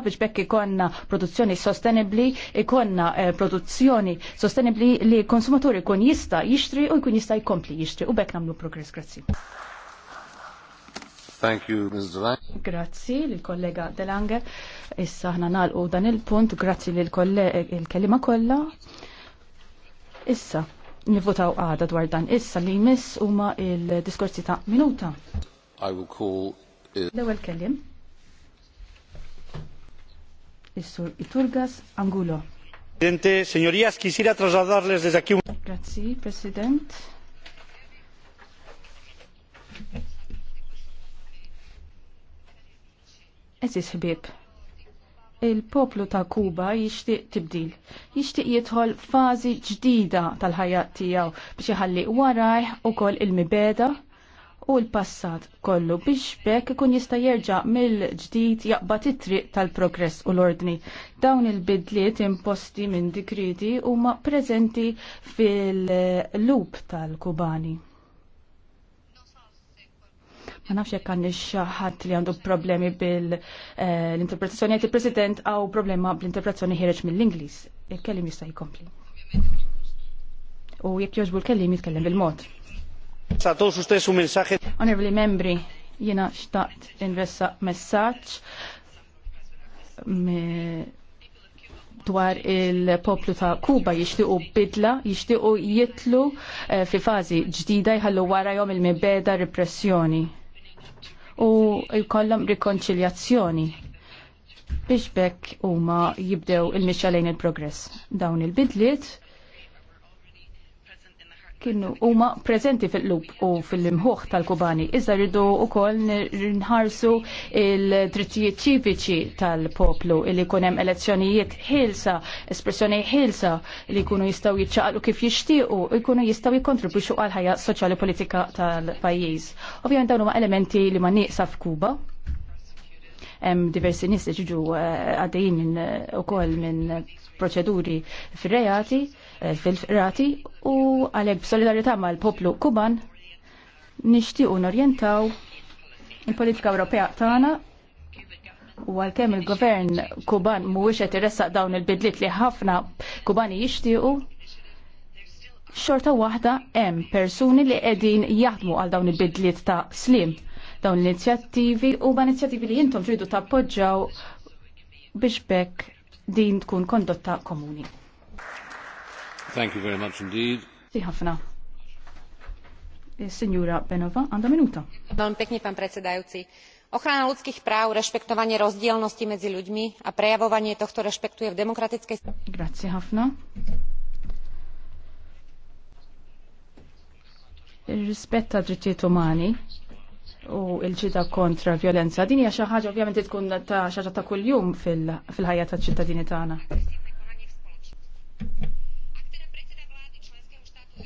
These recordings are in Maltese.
biex bekk ikonna produzzjoni sostenibli, ikonna eh, produzzjoni sostenibli li konsumatori kun jista jixtri u jkun jista jkompli jixtri u bekk namlu progress. Grazzi. Thank you, Ms. Delange. Grazzi l-kollega Delange. Issa ħna nalqu dan il-punt, grazzi l-kellima kollha. Issa, nivotaw għada dwar dan. Issa li jmiss huma il-diskorsi ta' minuta. I will call... L-ewwel kellim. Is-Sur Iturgas Angulo. Presidente, señorías, quisiera trasladarles desde aquí un... Grazie, President. Eżis ħbib, il-poplu ta' Kuba jishtiq tibdil. Jishtiq jitħol fazi ġdida tal ħajat tijaw biex jħalli warajħ u ukoll il-mibeda u l-passat kollu biex bekk ikun jista' jerġa' mill-ġdid jaqbad it-triq tal-progress u l-ordni. Dawn il-bidliet imposti minn dikriti huma preżenti fil-lup tal-Kubani. Ma nafx jekk għandix ħadd li għandu problemi bil-interpretazzjoni eh, għajt il-President għaw problema bl-interpretazzjoni ħireġ mill-Ingliż. Il-kelim jista' jkompli. U jekk jogħġbu l-kelim jitkellem bil-mod. A Member, ustedes membri, jena xtaqt invessa messaċ dwar il-poplu ta' Kuba jixtiqu bidla, jixtiqu jitlu eh, fi fazi ġdida jħallu jom il-mibeda repressjoni u jkollhom rikonċiljazzjoni biex bekk huma jibdew il mixalajn lejn il-progress. Dawn il-bidliet kienu huma preżenti fil-lub u fil-imħuħ tal-Kubani. Iżda rridu wkoll nħarsu il-drittijiet ċiviċi tal-poplu li jkun hemm elezzjonijiet ħilsa, espressjoni ħilsa li jkunu jistgħu jitċaqlu kif jixtiequ jkunu jistgħu jikkontribwixxu għal ħajja soċjali politika tal-pajjiż. Ovvjament dawn huma elementi li ma nieqsa f'Kuba hemm diversi nies li ġiġu eh, għaddejjin eh, ukoll minn proċeduri fir-reati fil-rati u solidarita ma mal-poplu Kuban nixtiequ norjentaw il-politika Ewropea tagħna u għalkemm il-gvern Kuban mhuwiex qed iressaq dawn il-bidliet li ħafna Kubani jixtiequ xorta waħda hemm persuni li qegħdin jaħdmu għal dawn il-bidliet ta' slim dawn l-inizjattivi u ma' inizjattivi li jintom tridu tappoġġaw biex bekk din tkun kondotta komuni. Thank you very much indeed. ħafna. Eh, signora Benova, għanda minuta. Veľmi pekni, pan predsedajúci. Ochrana ľudských práv, rešpektovanie rozdielnosti medzi ľuďmi a prejavovanie tohto rešpektuje v demokratickej... Grazie, Hafna. Il-rispetta drittijiet umani u il-ġita kontra violenza. Din hija xi ħaġa ovvjament tkun ta' xi ħaġa ta' kuljum fil-ħajja taċ-ċittadini tagħna.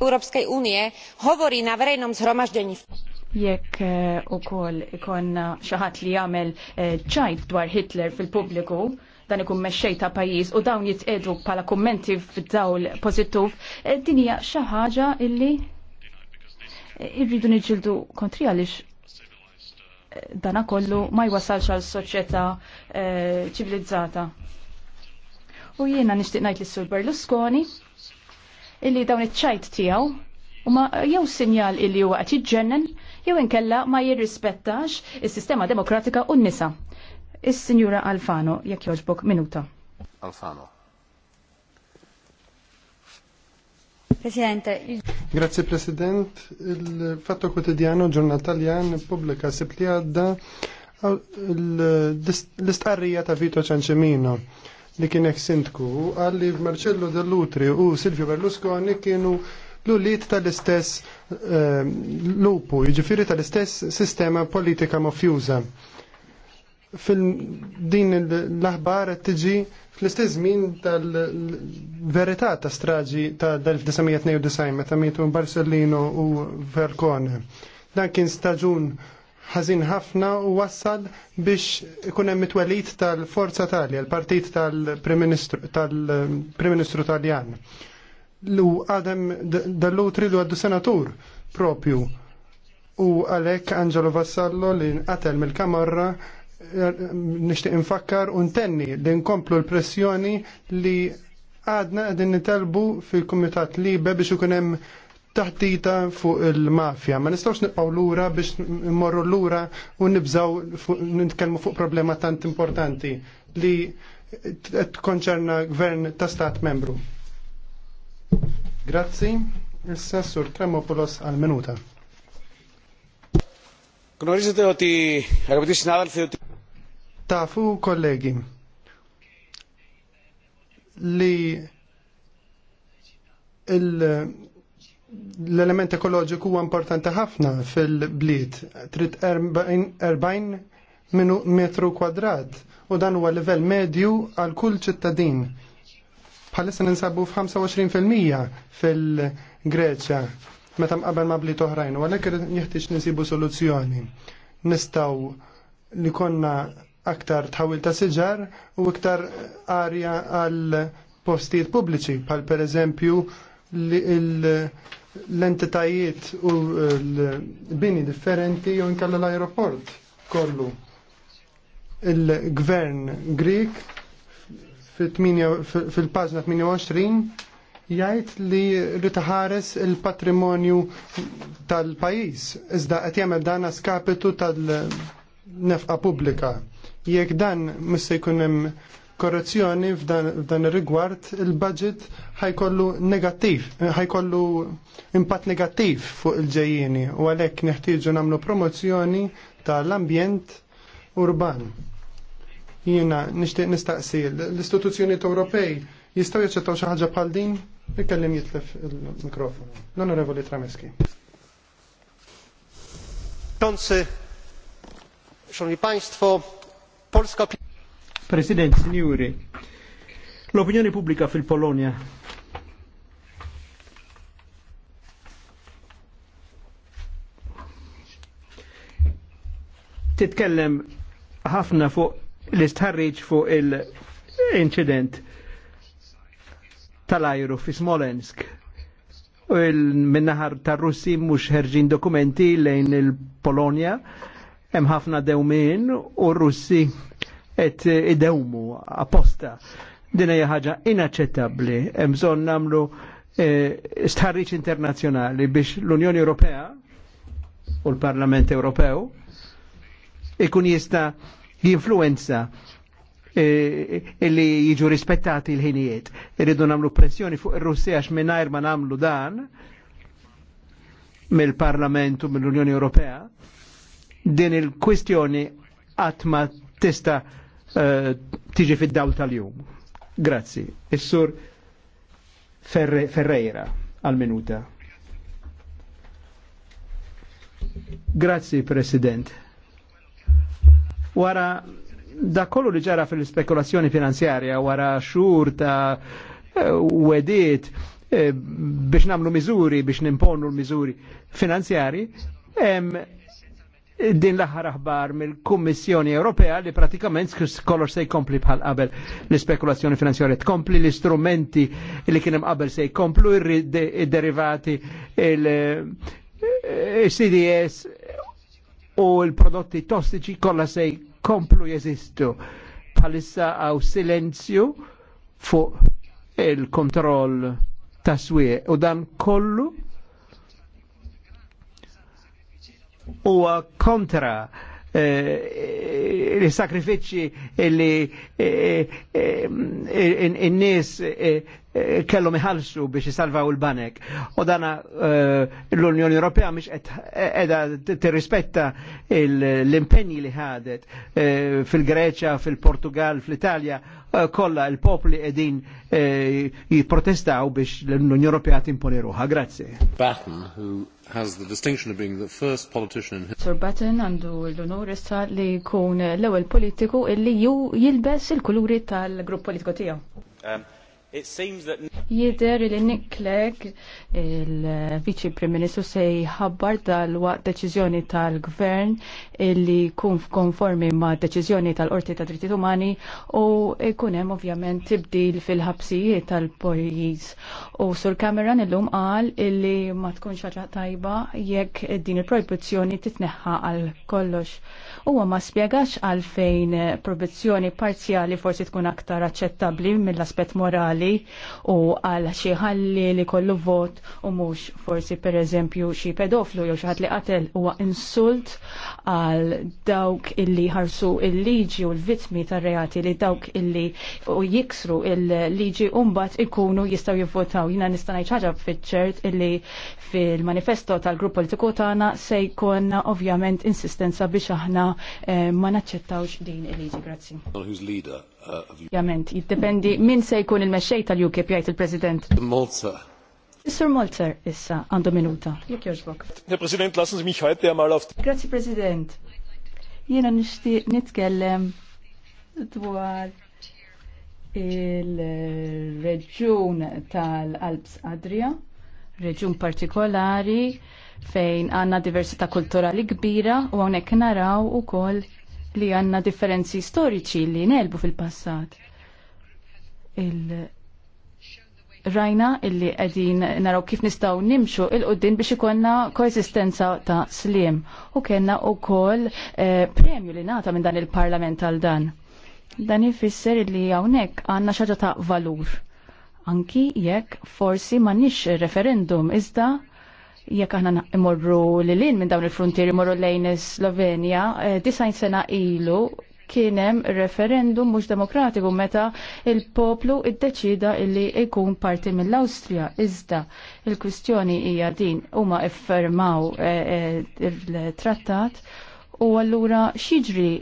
Európskej únie hovorí na verejnom zhromaždení. Jekk eh, ukoll ikonna xi ħadd li jagħmel eh, ċajt dwar Hitler fil-pubbliku, dan ikun meċċejta ta' pajjiż u dawn jitqedu bħala kummenti f'dawl pożittiv, eh, din hija xi ħaġa illi irridu niġildu kontri għaliex dana kollu ma jwasalx għal soċjetà ċivilizzata. U jiena nixtieq ngħid lis-Sur Berlusconi illi dawn iċ-ċajt tiegħu u jew sinjal illi huwa qed jiġġennen jew inkella ma jirrispettax is-sistema demokratika u n-nisa. Is-Sinjura Alfano jekk jogħġbok minuta. Alfano. Presidente. Grazie President. Il-Fatto Quotidiano Ġurnal Taljan pubblika sib li għadda l istarrija ta' Vito Ciancemino li kien kienek sindku għalli Marcello Dell'Utri u Silvio Berlusconi kienu l-ulit tal-istess uh, lupu, jġifiri tal-istess sistema politika mafjuża. Fil-din l-aħbar tiġi fl-istess min tal-verità ta' straġi ta' 1992 meta mietu Barcellino u Vercone. Dan kien staġun ħazin ħafna u wassal biex ikun hemm it-twelid tal-Forza Talja, l-partit tal-Prim Ministru Taljan. Lu għadem dal-lutri lu għaddu senatur propju u għalek Angelo Vassallo li għatel mill-kamarra nishtiq infakkar un tenni li nkomplu l-pressjoni li għadna għadin nitalbu fil-Komitat Libe biex ikun hemm taħdita fuq il-mafja. Ma nistawx l lura biex morru lura u nibżaw nitkellmu fuq problema tant importanti li konċerna gvern ta' stat membru. Grazzi. Issa sur Tremopoulos għal-minuta. Tafu kollegi. Li συνάδελφοι, li l-element ekoloġiku huwa importanti ħafna fil-bliet. Trid 40 metru kwadrat u dan huwa livell medju għal kull ċittadin. Bħalissa ninsabu f'25% fil-Greċja meta mqabel ma' bliet oħrajn, u għalhekk nieħtieġ nisibu soluzzjoni. Nistgħu li konna aktar tħawil ta' siġar u iktar arja għal postijiet pubbliċi, bħal pereżempju l l-entitajiet u l-bini differenti jew inkella l-aeroport kollu. Il-gvern Grik fil-pażna 28 jgħid li ritaħares il-patrimonju tal-pajis iżda qed jagħmel dan skapitu tal-nefqa pubblika. Jekk dan mhux jkun hemm korrezzjoni f'dan ir-rigward il-budget ħajkollu negattiv, ħajkollu impatt negattiv fuq il-ġejjieni u għalhekk neħtieġu nagħmlu promozzjoni tal-ambjent urban. Jiena nixtieq nistaqsi l-istituzzjonijiet Ewropej jistgħu jaċċettaw xi ħaġa bħal din? Ikellim jitlef il-mikrofon. L-Onorevoli Trameski. Szanowni Państwo, Polska President, signori, l'opinione pubblica fil-Polonia titkellem ħafna fuq l-istħarriġ fuq l incident tal-ajru fi Smolensk. U il-minnaħar tar russi mux ħerġin dokumenti lejn il-Polonia, hemm ħafna dewmin u r-Russi et idewmu apposta. Din hija ħaġa inaċċettabbli, hemm bżonn nagħmlu eh, stħarriċ internazzjonali biex l-Unjoni Ewropea u l-Parlament Ewropew ikun jista jinfluenza eh, illi jiġu rispettati l-ħinijiet. Irridu namlu pressjoni fuq ir-Russija għax minnajr ma namlu dan mill-Parlament u mill-Unjoni Ewropea, din il-kwistjoni għatma tista' Eh, tiġi fid-dawl tal-jum. Grazzi. Is-sur Ferreira għal-minuta. Grazzi, President. Wara da kollu li ġara fil-spekulazzjoni finanzjarja wara xur ta' eh, wedit eh, biex namlu miżuri, biex nimponu l-miżuri finanzjari, din l-aħħar aħbar mill-Kummissjoni Ewropea li pratikament kollox se jkompli bħal qabel l-ispekulazzjoni finanzjarja tkompli l-istrumenti li kien hemm qabel se jkomplu id derivati eh, il-CDS u l-prodotti tossiċi kollha se jkomplu jeżistu. Bħalissa għaw silenzju fuq il-kontroll taswieq u dan kollu huwa kontra eh, eh, il-sakrifiċi li in nis kellhom iħallsu biex jisalvaw il-banek. U dana eh, l-Unjoni Ewropea mhix qed tirrispetta l-impenji li ħadet eh, fil-Greċja, fil-Portugal, fl-Italja, eh, kollha il popli qegħdin jipprotestaw biex l-Unjoni Ewropea timponi ruħha. Grazzi. has the distinction of being the first politician in history. Sir Batten għandu l-onor issa li jkun l-ewwel politiku illi ju jilbes il-kuluri tal-grupp politiku tiegħu. Um, Jider li Nick Clegg, il-Viċi Prim Ministru, se jħabbar dal-waqt deċiżjoni tal-Gvern li kun konformi ma' deċiżjoni tal-Qorti ta' Dritti Umani u jkun hemm ovvjament tibdil fil-ħabsijiet tal pojiz U sur Cameron illum qal illi ma tkun xaġa tajba jekk din il-proibizzjoni titneħħa għal kollox. Huwa ma għal għalfejn proibizzjoni parzjali forsi tkun aktar aċċettabbli mill-aspett morali ħalli u għal xi ħalli li kollu vot u mhux forsi pereżempju xi pedoflu jew xi ħadd li qatel huwa insult għal dawk illi ħarsu il-liġi u l-vittmi tar-reati li dawk illi u jiksru il-liġi u mbagħad ikunu jistgħu jivvotaw. Jiena nista' ngħid ħaġa fiċċert ċert illi fil-manifesto tal-grupp politiku tagħna se jkun ovvjament insistenza biex aħna eh, ma naċċettawx din il-liġi. Grazzi. Jament, jiddependi min se jkun il-mexxej tal-UKIP jgħid il-President. Molzer. Sir Molzer issa għandu minuta. Jek jorġbok. Herr President, lassen Sie mich heute einmal auf. Grazie President. Jena nishti nitkellem dwar il reġun tal-Alps Adria, reġun partikolari fejn għanna diversita kulturali kbira u għonek naraw u koll li għanna differenzi storiċi li nelbu fil-passat. Il rajna illi għedin naraw kif nistaw nimxu il-qoddin biex ikonna koesistenza ta' slim u kena u kol eh, premju li nata minn dan il-parlament għal dan. Dan jifisser li għawnek għanna xaġa ta' valur. Anki jekk forsi ma' nix referendum iżda jekk aħna imorru li lin minn dawn il-frontieri imorru lejn Slovenja, eh, disajn sena ilu kienem referendum mhux demokratiku meta il-poplu id-deċida illi jkun parti mill-Awstrija. Iżda il-kwistjoni hija din huma iffermaw eh, eh, il-trattat u allura xiġri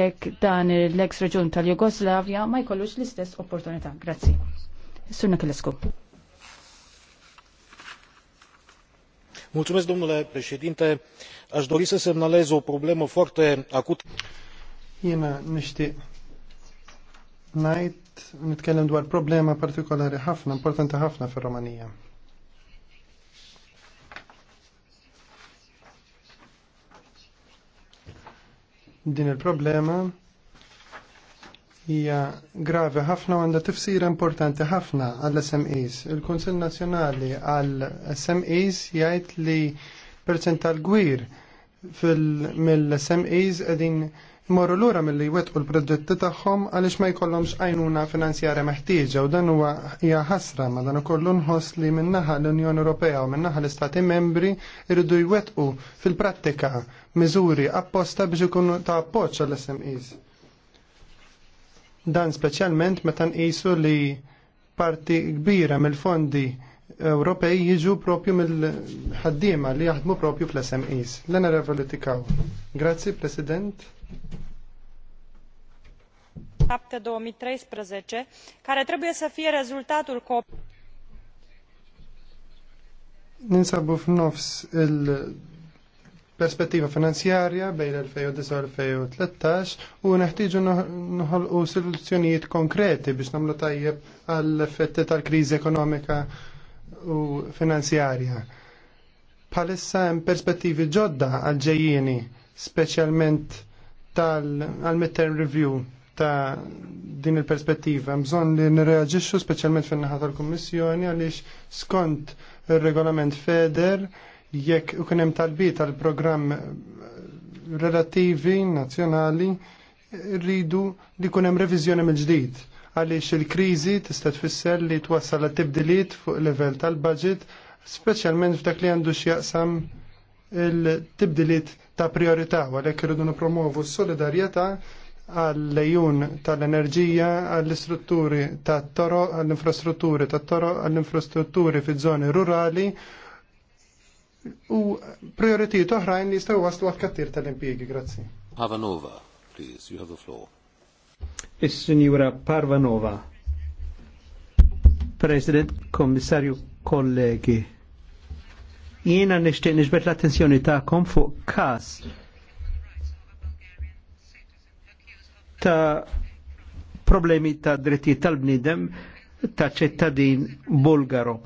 jekk dan l-eks reġun tal-Jugoslavja ma jkollux l-istess opportunità. Grazzi. Sunna Kilesku. a dori să semnalez o problemă foarte acută nitkellem dwar problema partikolari ħafna importanti ħafna fir-Romanija. Din il-problema hija gravi ħafna u għandha tifsira importanti ħafna għall smes Il-Kunsill Nazzjonali għall smes jgħid li perċental gwir mill-SMEs qegħdin imorru lura milli mill-li wetqu l-proġetti tagħhom għaliex ma jkollhomx għajnuna finanzjarja meħtieġa u dan huwa hija ħasra ma dan ukollu nħoss li minnaħa l-Unjoni Ewropea u minnaħa l-Istati Membri irridu jwettqu fil-prattika miżuri apposta biex ikunu ta' appoġġ għall-SMEs. Dan speċjalment meta nqisu li parti kbira mill-fondi Ewropej jiġu propju mill-ħaddiema li jaħdmu propju fl-SMEs. l Lena revolutikaw. Grazzi, President. 2007-2013, care trebuie să fie rezultatul Ninsabu f'nofs il perspettiva finanzjarja bejn 2009-2013 u neħtieġu nħolqu soluzzjonijiet konkreti biex nagħmlu tajjeb għall effetti tal-kriżi ekonomika u finanzjarja. Palissa hemm perspettivi ġodda għal ġejjieni, speċjalment tal-midterm review ta' din il-perspettiva. Mżon li nreagġixxu speċjalment fin-naħa tal-Kummissjoni għaliex skont ir-regolament FEDER jekk u kunem talbi tal-programm eh, relativi nazjonali rridu li kunem revizjoni mill-ġdid għaliex il-krizi tista' tfisser li twassal tibdiliet fuq level tal-budget, speċjalment f'dak li għandu x'jaqsam il-tibdiliet ta' priorità għalhekk irridu nippromovu s-solidarjetà għall-lejun tal-enerġija, għall-istrutturi ta' toro għall-infrastrutturi ta' toro għall-infrastrutturi fiż-żoni rurali u prioritiet oħrajn li jistaw għastu għat kattir tal impiegi Grazzi. Pavanova, please, you have the floor. Is-Sinjura Parvanova. President, Komissarju, kollegi. Jiena nishtiq nixbet l-attenzjoni tagħkom fuq kas ta' problemi ta' drittijiet tal bnidem ta' ċittadin Bulgaro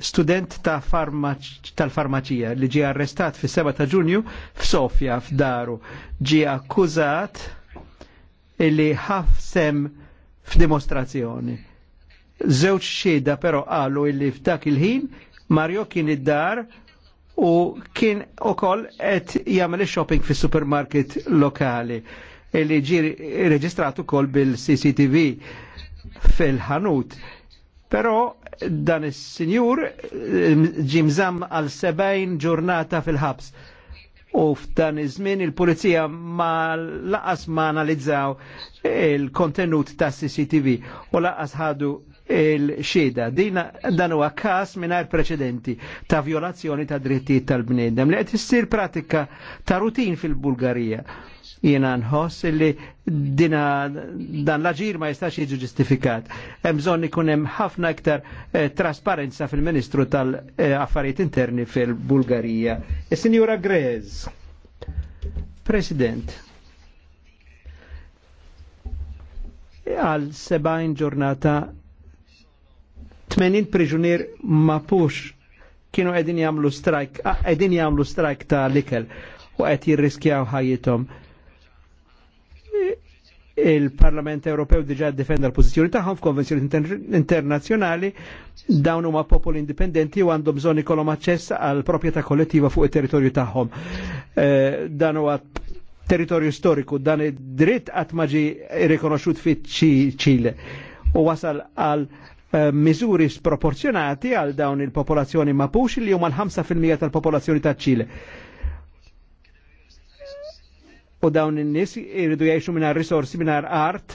student ta tal-farmaċija li ġie arrestat fis 7 ta' ġunju f'Sofja f'daru. Ġie akkużat ħaf sem f'dimostrazzjoni. Żewġ xieda però qalu illi f'dak il-ħin Mario kien id-dar u kien ukoll qed jagħmel shopping fis-supermarket lokali li ġie reġistrat ukoll bil-CCTV fil-ħanut Però dan is-sinjur eh, ġimżam għal 70 ġurnata fil-ħabs. U f'dan iż-żmien il-pulizija ma laqas ma analizzaw il-kontenut ta' CCTV u laqas ħadu il-xeda. Din dan huwa każ mingħajr preċedenti ta' violazzjoni ta' drittijiet tal-bniedem li qed issir pratika ta' rutin fil-Bulgarija jina nħoss illi dina dan laġir ma jistax jiġu ġustifikat. Hemm bżonn ikun hemm ħafna iktar eh, trasparenza fil-Ministru tal-Affarijiet eh, Interni fil-Bulgarija. Is-Sinjura e, Grez. President. għal sebajn 70 ġurnata 80 priġunier pux kienu qegħdin jamlu strajk, qegħdin jamlu strajk ta' likel u qed jirriskjaw ħajjithom il-Parlament Ewropew diġa defenda l-pozizjoni tagħhom f'konvenzjoni internazzjonali dawn huma popoli indipendenti u għandhom bżonn ikollhom aċċess għal proprjetà kollettiva fuq it-territorju tagħhom. Eh, dan huwa territorju storiku, dan id-dritt qatt ma ġi rikonoxxut fiċ-Ċile u wasal għal eh, miżuri sproporzjonati għal dawn il-popolazzjoni mapux li huma l-5% tal-popolazzjoni ta' Ċile u dawn in-nies iridu jgħixu mingħajr risorsi mingħajr art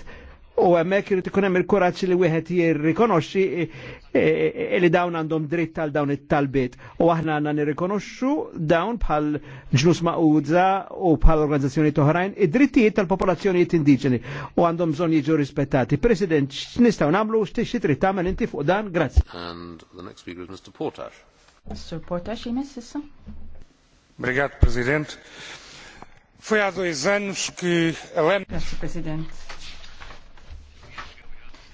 u hemmhekk irid ikun hemm il-kuraġġ li wieħed jirrikonoxxi e, e, e, li dawn għandhom dritt għal dawn it-talbiet u aħna għandna nirrikonoxxu dawn bħal ġnus Maqudza u bħal organizzazzjoni oħrajn id-drittijiet tal-popolazzjonijiet indiġeni u għandhom bżonn jiġu rispettati. President, x'nistgħu nagħmlu x'tixi trid tagħmel inti fuq dan? Grazzi. And the next speaker is Mr. Portash. Mr. Portash, jimess issa. Brigat, President. Foi há dois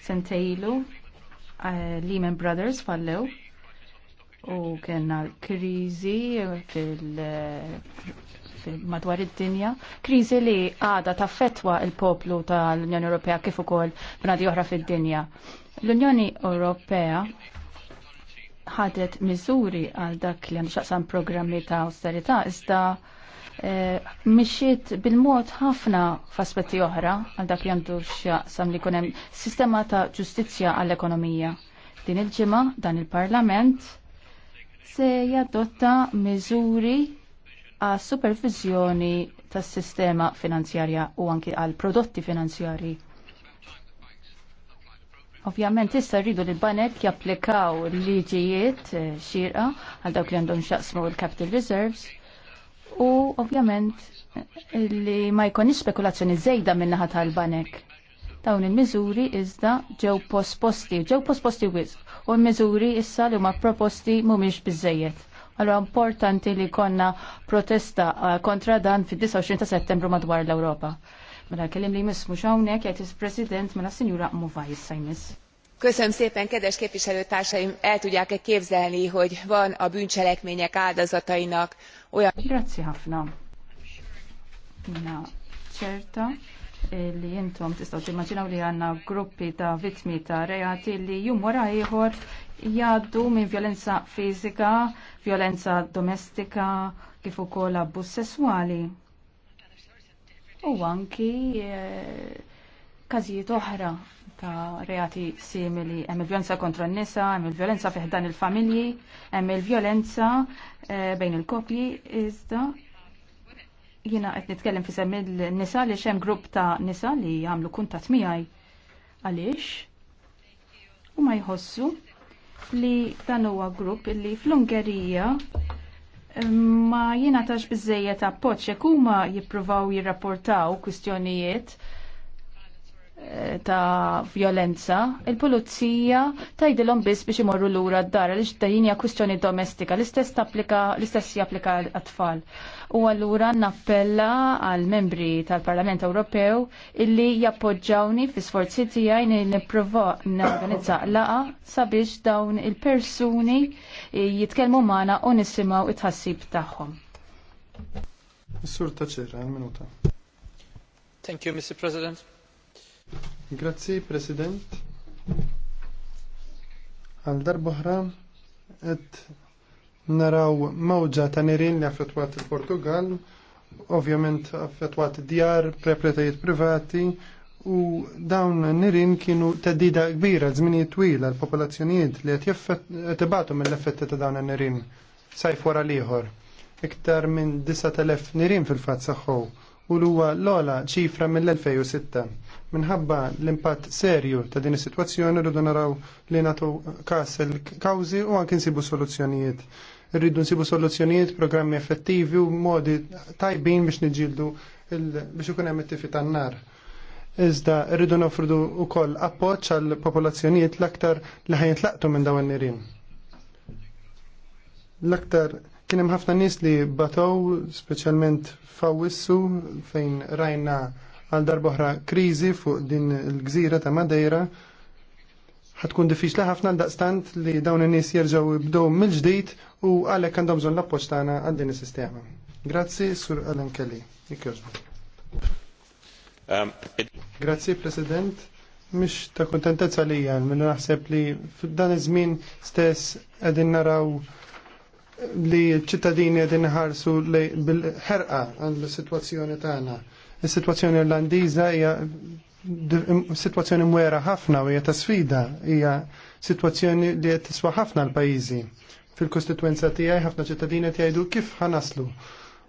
Sentejlu, uh, Lehman Brothers fallew u kellna krizi fil madwar id-dinja, krizi li għada ta' fetwa il-poplu tal-Unjoni Ewropea kif ukoll bnadi oħra fid-dinja. L-Unjoni Ewropea ħadet miżuri għal dak li għandu xaqsam programmi ta' austerita' iżda Eh, mixiet bil-mod ħafna f'aspetti oħra għal dak li għandu x'jaqsam li kunem sistema ta' ġustizzja għall-ekonomija. Din il-ġimgħa dan il-Parlament se jadotta miżuri għas supervizjoni tas sistema finanzjarja u anki għal prodotti finanzjarji. Ovvjament issa rridu li banek japplikaw l liġijiet eh, xirqa għal dawk li għandhom xaqsmu l-Capital Reserves u ovvjament li ma jkunx spekulazzjoni żejda minn naħa tal-banek. Dawn il-miżuri iżda ġew posposti, ġew posposti wisq, u l-miżuri issa li huma proposti mhumiex biżejjed. Allora importanti li konna protesta eh, kontra dan fid-29 ta' settembru madwar l-Ewropa. Mela kellim li jmiss mhux hawnhekk jgħid is-President mela Sinjura Muvaj sajmis. Köszönöm szépen, kedves képviselőtársaim! El tudják-e képzelni, hogy van a bűncselekmények áldozatainak U ja. Grazzi ħafna. Mina ċerta li jintom tistaw timmaġinaw li għanna gruppi ta' vitmi ta' reati li jumwara wara jaddu minn violenza fizika, violenza domestika, kif ukoll abbuż sessuali. U anki e, każijiet oħra ta' reati simili. Hemm il-vjolenza kontra n-nisa, hemm il-vjolenza fiħdan il-familji, hemm il-vjolenza eh, bejn il-kopji, iżda jiena qed nitkellem fi semmi l-nisa li hemm grupp ta' nisa li jagħmlu kuntat miegħi għaliex u ma jħossu li dan huwa grupp li fl-Ungerija ma jiena tax biżejjed ta' jekk huma jippruvaw jirrapportaw kwistjonijiet ta' violenza, il-pulizija tajdilhom biss biex imorru lura d-dar li dajin hija kwistjoni domestika, l-istess tapplika l-istess japplika għat-tfal. U allura nappella għal membri tal-Parlament Ewropew illi jappoġġawni fi sforzi tiegħi li nipprova norganizza laqa sabiex dawn il-persuni jitkellmu magħna u nisimgħu it-ħassib tagħhom. sur minuta. Thank you, Mr. President. Grazzi, President. Għal darbohra, et naraw mawġa ta' nirin li affettwat il-Portugal, ovvjament affettwat djar, prepretajiet privati, u dawn nirin kienu teddida kbira żminijiet twila għal popolazzjonijiet li qed ibatu mill-effetti ta' dawn nirin sajf wara liħor. Iktar minn 9000 nirin fil-fatt saħħu u l-uwa l-ola ċifra mill-2006. Minħabba l-impatt serju ta' din is-sitwazzjoni rridu naraw li nagħtu każ il-kawżi u anke nsibu soluzzjonijiet. Rridu nsibu soluzzjonijiet, programmi effettivi u modi tajbin biex niġildu biex ikun hemm it-tifi tan-nar. Iżda rridu nofrdu wkoll appoġġ għal popolazzjonijiet l-aktar li laqtu minn dawn nirien. L-aktar Kien hemm ħafna nies li batow, speċjalment fawissu fejn rajna għal darboħra kriżi fuq din il-gżira ta' Madeira. Ħatkun diffiċli ħafna daqstant li dawn in-nies jerġgħu jibdew mill-ġdid u għalhekk għandhom bżonn l-appoġġ tagħna għal din is-sistema. Grazzi, Sur Alan Kelly. Um, Grazzi, President mish ta' kontentezza li għan, minna naħseb li f'dan iż-żmien stess għedin naraw li ċittadini għedin ħarsu bil-ħerqa għal-situazzjoni tagħna. Is-situazzjoni irlandiża hija situazzjoni mwera ħafna u hija ta' sfida, hija situazzjoni li qed tiswa ħafna l-pajjiżi. Fil-kostituenza tiegħi ħafna ċittadini jgħidu kif ħanaslu.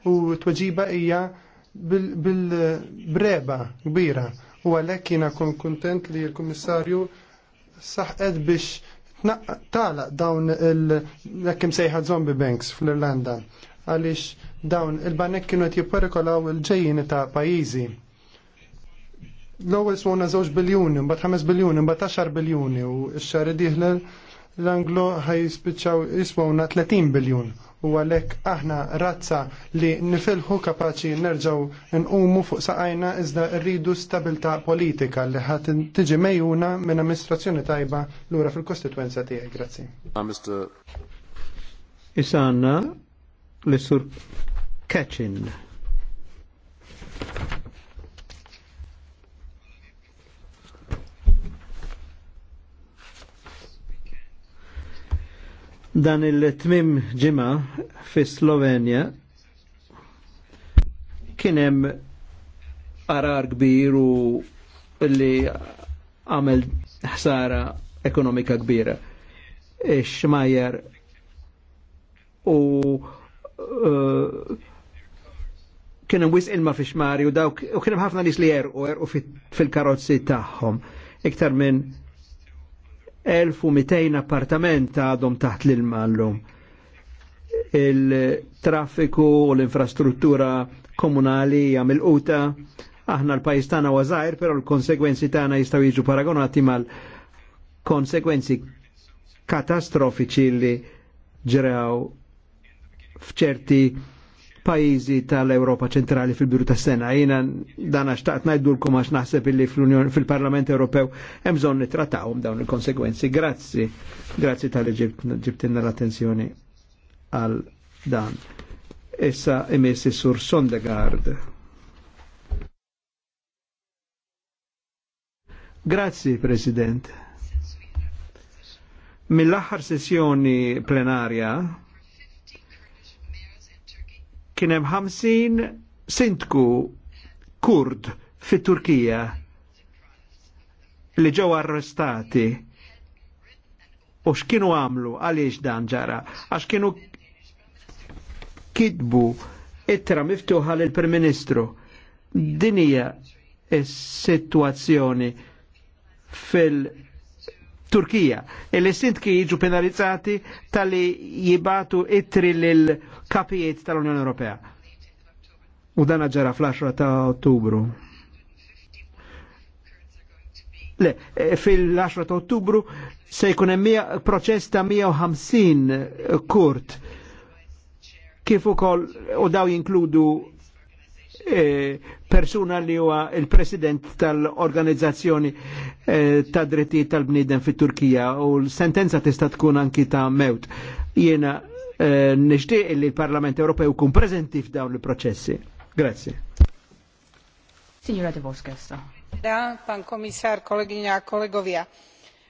U t-tweġiba hija bil-breba kbira. U għalhekk jiena kun kuntent li l-Kummissarju saħqet biex tala dawn il-jekkim sejħa zombie banks fl-Irlanda għalix dawn il-banek kienu jiparikolaw il-ġejjin ta' pajizi. L-ewwel wona żewġ biljuni, mbagħad ħames biljuni, mbagħad 10 biljuni u x-xahar diħla l-Anglo ħaj jispiċċaw jiswona 30 biljun u għalek aħna razza li nifilħu kapaċi nerġaw nqumu fuq saqajna iżda rridu stabilta politika li ħat tiġi mejjuna minn amministrazzjoni tajba lura fil-kostituenza tiegħi. Grazzi. Uh, Issa għanna l-sur Kacin. Dan il-tmim ġima fi Slovenja kienem arar kbir u li għamel ħsara ekonomika kbira. Ix-xmajjar u uh, kienem wis ilma fi xmari u dawk u kienem ħafna nis li jerqu u fil-karozzi tagħhom iktar minn 1200 appartament għadhom taħt l-ilma llum. Il-traffiku u l-infrastruttura komunali il-quta, aħna l-pajis tana wazajr, pero l konsekwenzi tagħna jistgħu jiġu paragonati mal-konsegwenzi katastrofiċi li ġrew f'ċerti pajizi tal-Europa ċentrali fil-biru ta' sena. Jina dan xtaqt taqt najdulkom għax naħseb illi fil-Parlament Ewropew hemm bżonn nitratawhom dawn il-konsegwenzi. Grazzi, grazzi tal-ġibtinna l-attenzjoni għal dan. Issa emessi sur Sondegard. Grazzi, President. Mill-aħħar sessjoni plenarja kienem 50 sintku kurd fi turkija li ġew arrestati u x'kienu għamlu għaliex dan ġara għax kienu kidbu ittra miftuħa lil prim Ministru. Din hija is-sitwazzjoni fil- Turkija. Il-sintki jiġu penalizzati tal-li jibatu ittri l-kapijiet tal-Unjoni Ewropea. U dana ġara fl-10 ta' ottubru. Le, e, fil-10 ta' ottubru se jkun hemm proċess ta' 150 kurt kif ukoll u daw jinkludu E, persuna li huwa il-president tal-organizzazzjoni e, ta' dritti tal-bniedem fit turkija u l-sentenza tista' tkun anki ta' mewt. Jiena e, nixtieq li l-Parlament Ewropew kun preżenti f'dawn il-proċessi. Grazzi. Signora De Voskessa. Da, pan komisar, kolleginja, kollegovia.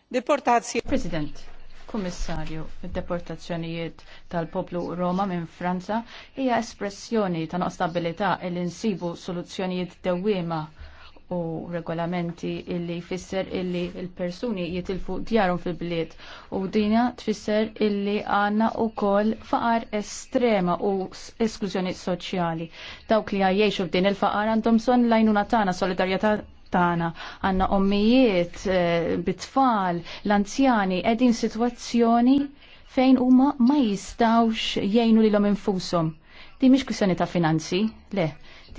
Deportazzjoni. President Kummissarju, id-deportazzjonijiet tal-poplu Roma minn Franza hija espressjoni ta' noqstabilità li nsibu soluzzjonijiet dewwiema u regolamenti illi jfisser illi il-persuni jitilfu djarhom fil-bliet u dina tfisser illi għanna u kol faqar estrema u esklużjoni soċjali. Dawk li għajiexu f'din il-faqar għandhom son lajnuna tana solidarjetà Tana għandna ommijiet eh, bit-tfal, l-anzjani qegħdin sitwazzjoni fejn huma ma jistawx jgħinu lilhom infushom. Din mish kwistjoni ta' finanzi, le.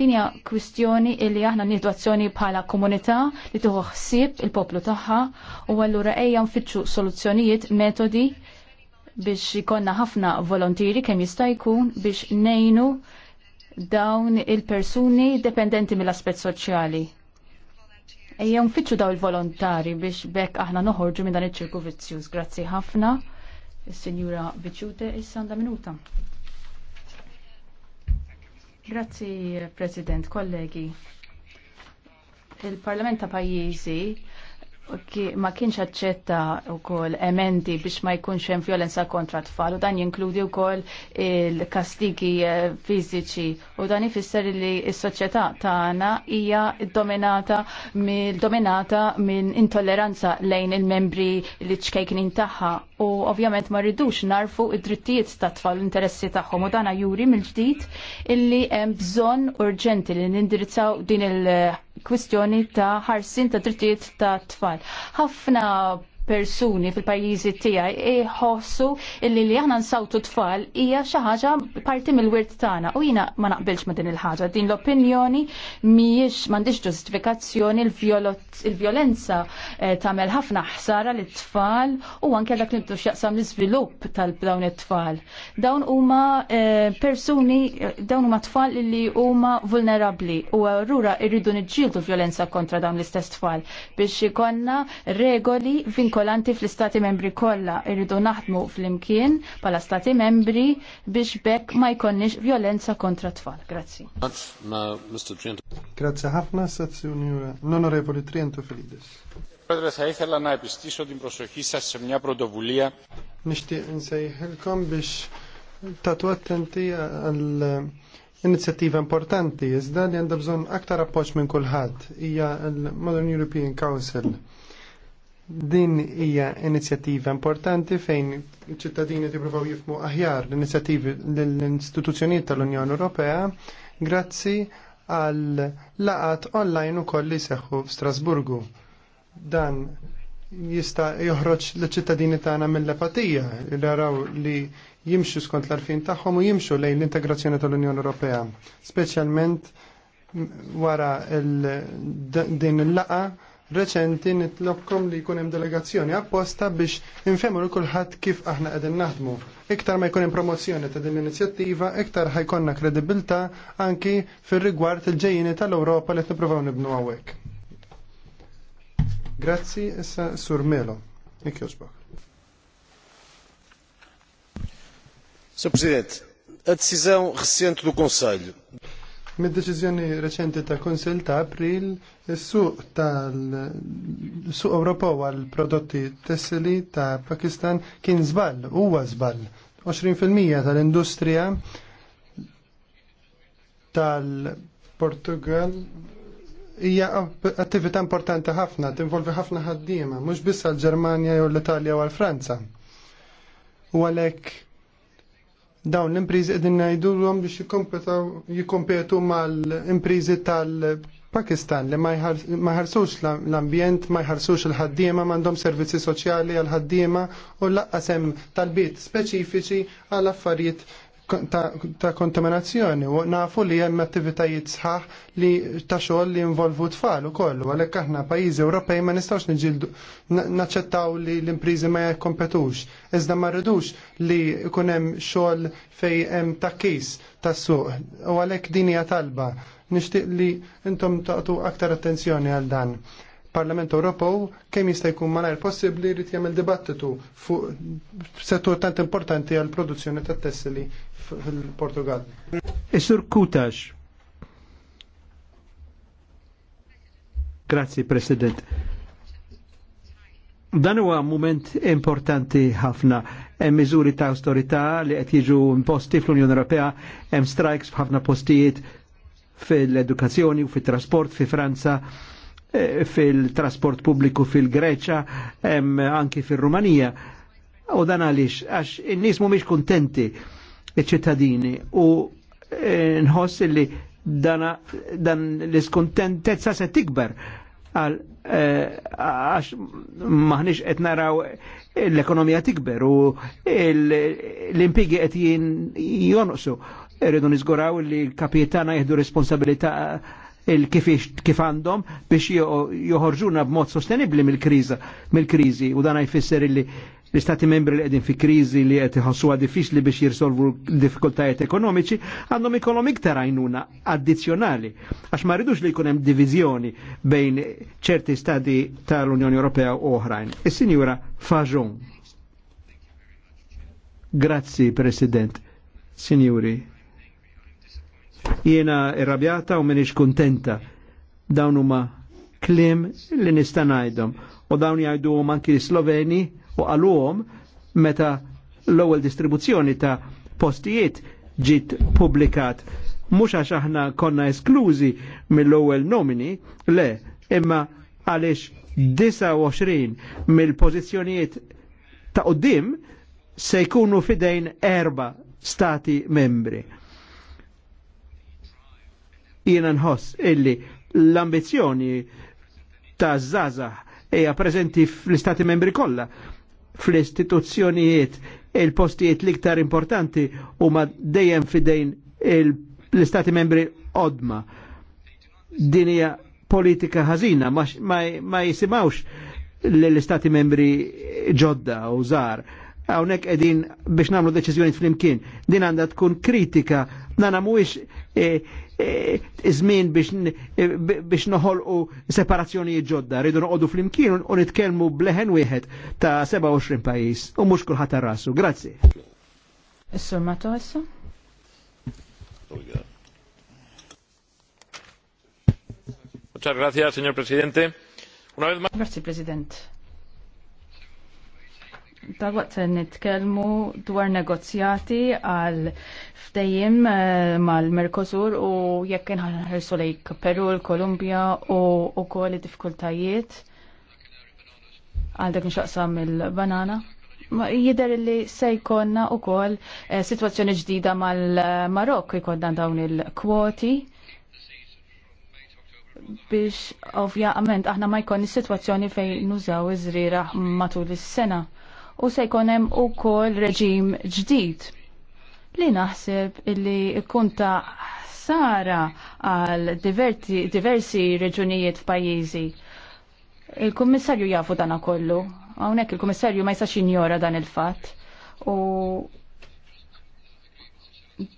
Din hija kwistjoni li aħna nidwazzjoni bħala komunità li tuħu ħsieb il-poplu tagħha u allura ejja nfittxu soluzzjonijiet, metodi biex ikonna ħafna volontiri kemm jista' jkun biex nejnu dawn il-persuni dependenti mill-aspett soċjali Ejja nfittxu daw il-volontari biex bekk aħna noħorġu minn dan iċ-ċirku vizzjuż. Grazzi ħafna. Is-Sinjura Biċute is-sanda minuta. Grazzi, President, kollegi. Il-Parlament ta' pajjiżi ma kienx aċċetta u kol emendi biex ma jkunx hemm violenza kontra tfal u dan jinkludi u kol il-kastigi eh, fiziċi u dan ifisser li s-soċjetà tagħna hija dominata mill dominata minn intolleranza lejn il-membri li ċkejknin tagħha u ovvjament ma rridux narfu id-drittijiet ta' tfal interessi tagħhom u dana juri mill-ġdid illi hemm bżonn urġenti li nindirizzaw din il-kwistjoni ta' ħarsin ta' drittijiet ta' tfal. Ħafna persuni fil-pajjiżi tiegħi iħossu illi li aħna nsawtu tfal hija xi ħaġa parti mill-wirt tagħna u jiena ma naqbilx ma din il-ħaġa. Din l-opinjoni mhijiex m'għandix ġustifikazzjoni il-vjolenza eh, tagħmel ħafna ħsara lit tfal u anke dak li ntux jaqsam l-iżvilupp tal-dawn it-tfal. Dawn huma eh, persuni eh, dawn huma tfal li huma vulnerabbli u rura irridu niġġieldu vjolenza kontra dawn l-istess tfal biex ikonna regoli vin vinkolanti fl-istati membri kollha irridu naħdmu fl-imkien pala stati membri biex bekk ma jkonniex violenza kontra tfal. Grazzi. Grazzi ħafna stazzjoni l-Onorevoli Triento Felides. Πρόεδρε, θα ήθελα να επιστήσω την προσοχή σας σε μια πρωτοβουλία. Nishtiq nsejħilkom biex tatu attenti għal inizjattiva importanti, iżda li għandha bżonn aktar appoġġ minn kulħadd hija l-Modern European Council Din hija inizjattiva importanti fejn iċ-ċittadini tippruvaw jifmu aħjar l-inizjattivi l-istituzzjonijiet tal-Unjoni Ewropea grazzi għal laqat online ukoll li seħħu f'Strasburgu. Dan jista' joħroġ l-ċittadini tagħna mill-apatija li jaraw li jimxu skont l-arfin tagħhom u jimxu lejn l-integrazzjoni tal-Unjoni Ewropea, speċjalment wara din il-laqa reċenti nitlobkom li jkun hemm delegazzjoni apposta biex infemmu li kulħadd kif aħna qegħdin naħdmu. Iktar ma jkun hemm promozzjoni ta' din l-inizjattiva, iktar ħajkonna kredibilità anki fir-rigward il-ġejjini tal-Ewropa li qed nippruvaw nibnu hawnhekk. Grazzi, issa Sur Melo. Nik Sr. Presidente, a decisão recente do Conselho Mid-deċiżjoni reċenti ta' Kunsil ta' April, is-suq tal-suq Ewropew għal prodotti tessili ta' Pakistan kien żball, huwa żball. 20% tal-industrija tal-Portugal hija attività importanti ħafna, tinvolvi ħafna ħaddiema, mhux biss għall-Ġermanja jew l-Italja u għall-Franza. U għalhekk dawn l-imprizi qegħdin ngħidulhom biex jikkompetu mal-imprizi tal-Pakistan li ma jħarsux l-ambjent, ma jħarsux il-ħaddiema, m'għandhom servizzi soċjali għal ħaddiema u laqqas hemm talbiet speċifiċi għal affarijiet ta' kontaminazzjoni u nafu li hemm attivitajiet sħaħ li ta' xogħol li involvu tfal ukoll għalhekk aħna pajjiżi Ewropej ma nistgħux niġildu naċċettaw li l-impriżi ma jakkompetux. Iżda ma rridux li jkun hemm xogħol fejn hemm takkis tas-suq u għalhekk din hija talba. Nixtieq li intom taqtu aktar attenzjoni għal dan. Parlament Ewropew kemm jista' jkun malajr possibbli jrid jagħmel dibattitu fuq settur tant importanti għal produzzjoni ta' tessili fil-Portugal. Isur Kutax. Grazzi President. Dan huwa moment importanti ħafna. Hemm miżuri ta' awtorità li qed jiġu imposti fl-Unjoni Ewropea, hemm strikes f'ħafna postijiet fil-edukazzjoni u fit-trasport fi Franza E, fil-trasport publiku fil-Greċa, anki fil-Rumanija. U dan għalix, għax n-nis mumiex kontenti ċittadini u e, nħoss li dana, dan l-iskontentezza se tikber għal e, għax maħnix qed naraw l-ekonomija tikber u l-impigi qed jonqsu. Irridu nizguraw li l-kapitana jihdu responsabilita' kif għandhom biex joħorġuna b'mod sostenibli mill-kriżi kriza mil u dan jfisser li l-istati membri li qegħdin fi kriżi li qed iħossuha diffiċli biex jirsolvu l-diffikultajiet ekonomiċi għandhom ikollhom iktar għajnuna addizzjonali għax ma rridux li jkun hemm diviżjoni bejn ċerti stati tal-Unjoni Ewropea u oħrajn. Is-Sinjura Fajon. Grazzi, President. Signori Jiena irrabjata u minix kontenta. Dawn huma klim li nista' ngħidhom. U dawn jgħidhom anki Sloveni u għaluhom meta l-ewwel distribuzzjoni ta' postijiet ġiet publikat. Mhux għax aħna konna esklużi mill-ewwel nomini, le, imma għaliex 29 mill-pożizzjonijiet ta' qudiem se jkunu fidejn erba' stati membri. Jiena nħoss illi l-ambizjoni ta' zaza hija preżenti fl-istati membri kollha fl-istituzzjonijiet il-postijiet l-iktar importanti huma dejjem fidejn l-istati membri odma. Din hija politika ħażina ma, ma, ma jisimawx l-istati membri ġodda u żar. Hawnhekk qegħdin biex nagħmlu deċiżjoni flimkien. Din għandha tkun kritika Nana mhuwiex eh, eh, iż-żmien biex eh, u separazzjoni ġodda, rridu fl-imkien u nitkelmu bleħen wieħed ta' 27 pajis. u mhux kulħadd rasu. Grazzi. is matu Matossa. Muchas gracias, señor presidente. Una vez más. Gracias, Presidente ta' waqt nitkellmu dwar negozjati għal ftejim eh, mal-Merkosur u jekk inħarsu lejk Peru, l-Kolumbja u wkoll id-diffikultajiet għal dak nxaqsam il-banana. Jider li se jkollna wkoll eh, sitwazzjoni ġdida mal-Marokk jkodna dawn il-kwoti biex ovvjament aħna ma jkonni situazzjoni fejn nużaw iżriraħ matul is-sena u se jkunem hemm ukoll reġim ġdid li naħseb illi kunta sara ħsara għal diversi reġunijiet f'pajjiżi. Il-kummissarju jafu dana kollu, hawnhekk il-kummissarju ma jistax jinjora dan il-fatt u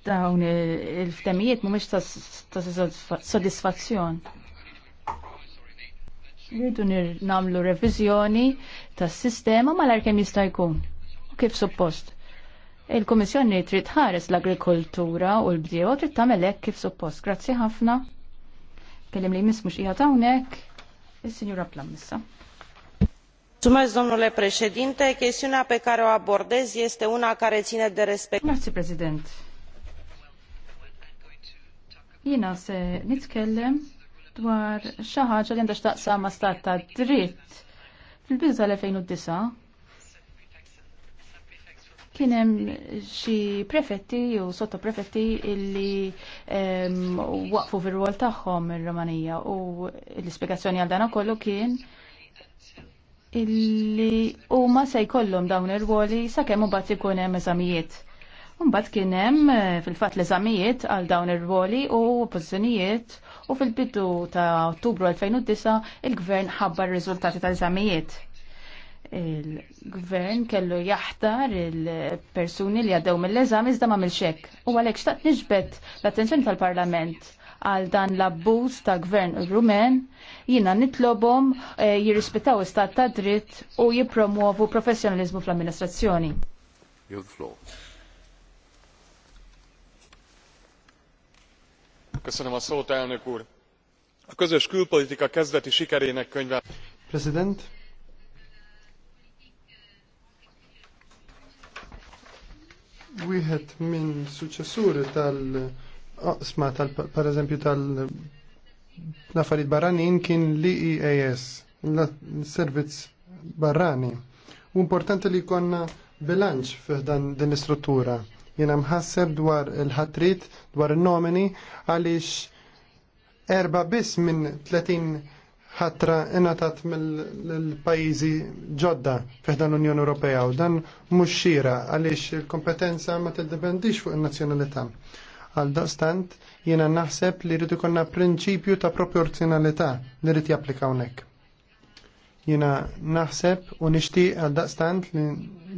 dawn il-ftemijiet mhumiex ta' sodisfazzjon. Rridu nagħmlu reviżjoni tas-sistema malar kemm jista' jkun. kif suppost? Il-Kummissjoni trid ħares l-agrikoltura u l-bdiewa trid tagħmel hekk kif suppost. Grazzi ħafna. Kellim li jmiss mhux qiegħed hawnhekk. Is-Sinjura Plamissa. Mulțumesc, Domnule președinte, chestiunea pe care o abordez este una care ține de respect. Grazie, President. Ina se nitkellem dwar xaħġa ħaġa li għandha taqsa ma' stat ta' dritt. Fil-biża l-2009 kien hemm xi prefetti u sottoprefetti illi waqfu fir-rwol tagħhom ir-Romanija u l-ispjegazzjoni għal dan kollu kien illi huma se jkollhom dawn ir ruoli sakemm imbagħad ikun hemm eżamijiet. Mbagħad kien hemm eh, fil-fatt l-eżamijiet għal dawn ir ruoli u pożizzjonijiet u fil-bidu ta' ottubru 2009 il-gvern ħabbar riżultati tal-eżamijiet il-gvern kellu jaħtar il-persuni li għaddew mill-eżam iżda ma mill-xek. U għalek xtaqt nġbet l-attenzjoni tal-parlament għal dan l-abbuż ta' gvern rumen jina nitlobom eh, jirrispettaw istat ta' dritt u jipromuovu professjonalizmu fl-amministrazzjoni. a közös külpolitika kezdeti sikerének könyve. president wieħed minn tal-qasma tal-pereżempju tal-affarijiet barranin kien l l-servizz barrani. U importanti li bilanċ fih din Jena mħasseb dwar il-ħatrit, dwar il-nomini, għalix erba biss minn 30 ħatra inatat mill-pajizi ġodda fiħdan l-Unjoni Ewropea u dan mhux xira għaliex il-kompetenza ma tiddependix fuq in-nazzjonalità. Għal dostant jiena naħseb li rrid ikonna prinċipju ta' proporzjonalità li rrid japplika hawnhekk jina naħseb u nishtiq għal daqstant li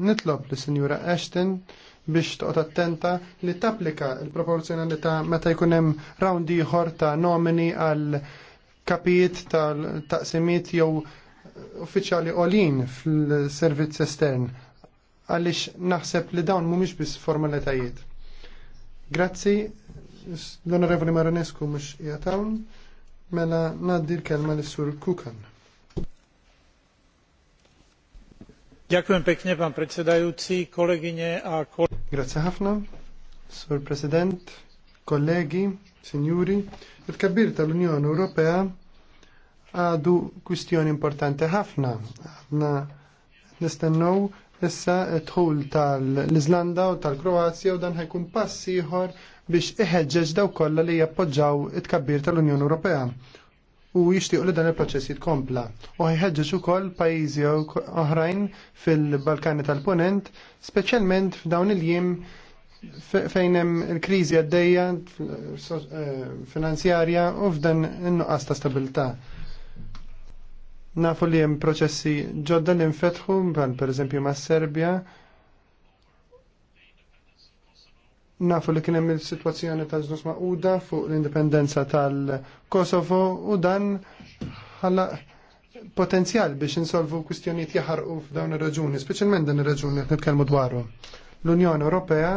nitlob li Sinjura Ashton biex toqgħod attenta li tapplika l-proporzjonalità meta jkun hemm round ieħor ta' nomini għal kapijiet tal-taqsimiet jew uffiċjali olin fil-servizz estern għaliex naħseb li dawn mhumiex biss formalitajiet. Grazzi, l-Onorevoli Maronescu mhux hawn, mela ngħaddi l-kelma lis-Sur Kukan. Ďakujem pekne, Pan predsedajúci, kolegyne a kolegy. Grazzi ħafna, Sur President, kollegi, sinjuri, il-kabbir tal-Unjoni Ewropea għadu kwistjoni importanti ħafna. Għadna nistennow issa tħul tal-Izlanda u tal-Kroazja u dan ħajkun pass ieħor biex iħeġġeġ daw kollha li jappoġġaw it-kabbir tal-Unjoni Ewropea u jishtiq li dan il-proċess jitkompla. U ħiħeġġeġ ukoll pajjiżi oħrajn fil-Balkani tal-Punent, speċjalment f'dawn il-jiem fejn hemm il-kriżi għaddejja eh, finanzjarja u f'dan in-nuqqas ta' stabilità. Nafu li hemm proċessi ġodda li infetħu per pereżempju mas-Serbja, Nafu li kienem il-situazzjoni ta' znus maquda fuq l-indipendenza tal-Kosovo u dan ħalla potenzjal biex insolvu kwistjonijiet jaħarqu f'dawn ir-raġuni, speċjalment dan ir-raġuni qed nitkellmu dwarhom. L-Unjoni Ewropea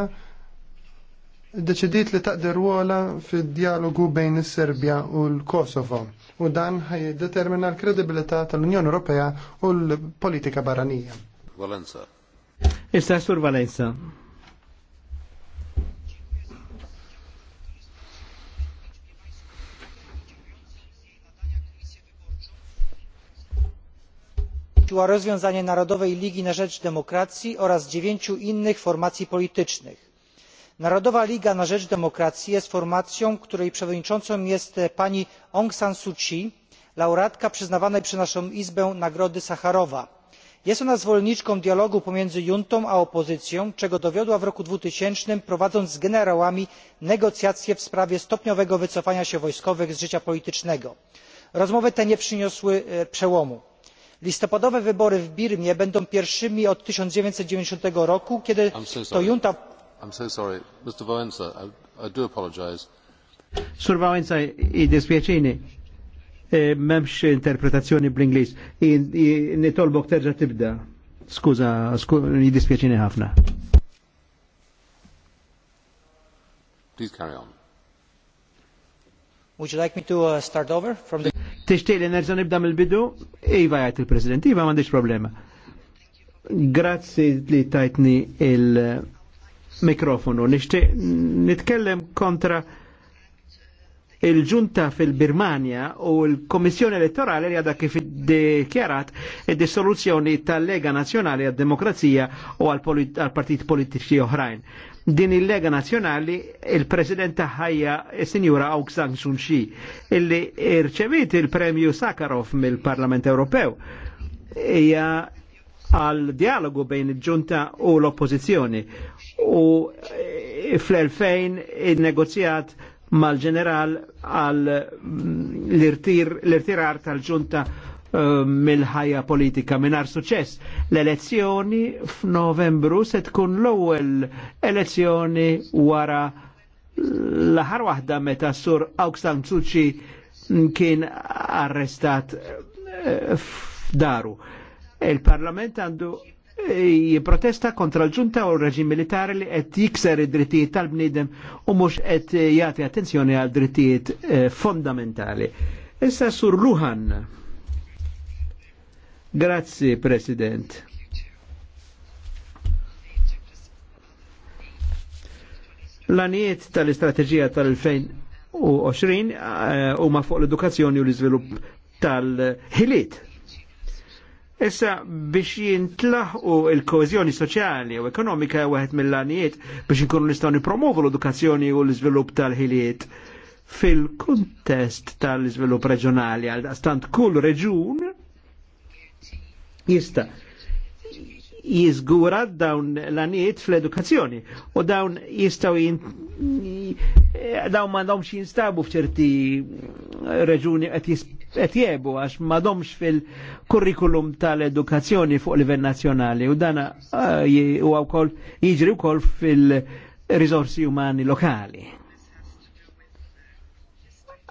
deċidiet li taqder ruola fid-dialogu bejn is-Serbja u l-Kosovo u dan ħajdetermina l-kredibilità tal-Unjoni Ewropea u l-politika barranija. Valenza. Issa Sur Valenza. przyjęła rozwiązanie narodowej ligi na rzecz demokracji oraz dziewięciu innych formacji politycznych. narodowa liga na rzecz demokracji jest formacją której przewodniczącą jest pani aung san suu kyi laureatka przyznawanej przez naszą izbę nagrody sacharowa. jest ona zwolenniczką dialogu pomiędzy juntą a opozycją czego dowiodła w roku dwa tysiące prowadząc z generałami negocjacje w sprawie stopniowego wycofania się wojskowych z życia politycznego. rozmowy te nie przyniosły e, przełomu listopadowe wybory w birmie będą pierwszymi od tysiąc dziewięćset dziewięćdzisiąt roku kiedy to junta Sur e, interpretazzjoni bl nitolbok terġa tibda. ħafna. Please carry on. Would you like me to uh, start over from the... Tishtiq li nerġa nibda mill-bidu? Iva jgħat il-President, Iva mandiċ problema. Grazzi li tajtni il-mikrofonu. Nishtiq nitkellem kontra il-ġunta fil-Birmania u l-Komissjoni Elettorali li għadha kif iddikjarat id-dissoluzzjoni tal-Lega Nazzjonali għad-Demokrazija u għal-partit politiċi oħrajn. Din il-Lega Nazzjonali il-President taħħajja il-Sinjura Aung San Suu Kyi illi irċevit il-Premju Sakharov mill-Parlament Ewropew. Hija għal dialogu bejn il-ġunta u l-oppozizjoni u fl-2000 il-negozjat il mal-ġeneral għal mm, l-irtirar tal-ġunta eh, mill-ħajja politika minar suċess. L-elezzjoni f'Novembru se tkun l-ewwel elezzjoni wara l-aħar waħda meta sur Aung San Suu Kyi kien arrestat eh, f'daru. Il-Parlament għandu jiprotesta kontra l-ġunta u r-reġim militari li qed jikser id-drittijiet tal-bniedem u mhux qed jagħti attenzjoni għal drittijiet eh, fondamentali. Issa sur Luhan. Grazzi, President. l għaniet tal-istrateġija tal-2020 eh, huma fuq l-edukazzjoni u l-iżvilupp tal-ħiliet Issa biex jintlaħqu il-kohezjoni soċjali u ekonomika waħed mill-għanijiet biex nkunu nistgħu nipromovu l-edukazzjoni u l-iżvilupp tal-ħiliet fil-kuntest tal-iżvilupp reġjonali għal stant kull reġun jista' jizgura dawn l-anijiet fl-edukazzjoni u dawn jistaw jint dawn ma dawn xie jinstabu fċerti reġuni għet qed jgħibu għax m'għadhomx fil-kurrikulum tal-edukazzjoni fuq livell nazzjonali u dan huwa ah, wkoll jiġri wkoll fil-riżorsi umani lokali.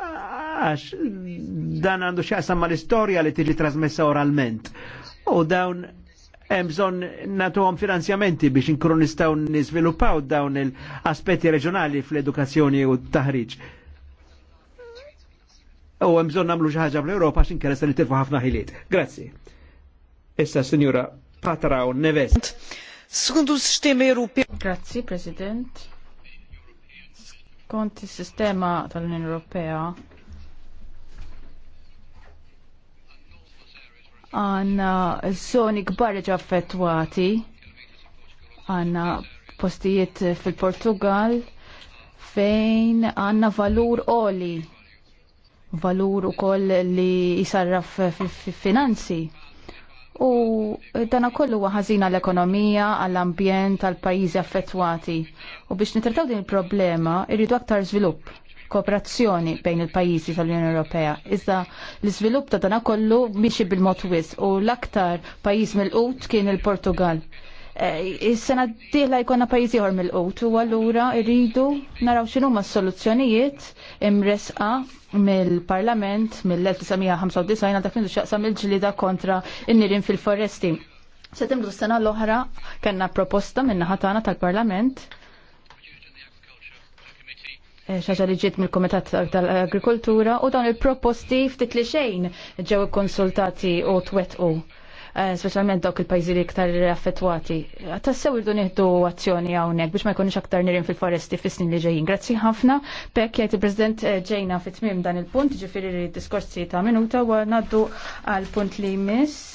Għax dan għandu xaqsam mal-istorja li tiġi trasmessa oralment. U dawn hemm bżonn nagħtuhom finanzjamenti biex inkunu nistgħu niżviluppaw dawn l-aspetti reġjonali fl-edukazzjoni u t-taħriġ u għem bżonn namlu xi ħaġa fl-Ewropa x'in kera se nitilfu ħafna ħiliet. Grazzi. Issa Sinjura Patraw Neves. Sekundu s-sistema Ewropea. Grazzi, President. Skont is-sistema tal-Unjoni Ewropea għanna zoni kbar affettwati għanna postijiet fil-Portugal fejn għanna valur oli valur u koll li jisarraf finanzi. U dana kollu għazina l-ekonomija, għall-ambjent, għall-pajjiżi affettwati. U biex nitrataw din il-problema, irridu aktar żvilupp kooperazzjoni bejn il-pajjiżi tal-Unjoni Ewropea. Iżda l-iżvilupp ta' dana kollu miexi bil-mod wis u l-aktar pajjiż mill-qut kien il-Portugal. Eh, is-sena dieħla jkollna pajjiż ieħor mill-qut u allura rridu naraw x'inhu ma' soluzzjonijiet imresqa mill-Parlament mill-1995 għal dak li xaqsam il-ġlida kontra n-nirien fil-foresti. timdu s-sena l-oħra kellna proposta minna ħatana tal-Parlament eh, xaġa li ġiet mill-Komitat tal-Agrikoltura u dawn il-proposti ftit li xejn ġew konsultati u twettqu. Eh, specialment dawk il-pajzi li iktar affettwati. Tassew irdu nieħdu azzjoni hawnhekk biex ma jkunux aktar nirin fil-foresti fis-snin li ġejjin. Grazzi ħafna. Pekk jgħid il-President eh, ġejna fit-tmiem dan il-punt, ġifieri diskorsi ta' minuta u ngħaddu għal punt li jmiss.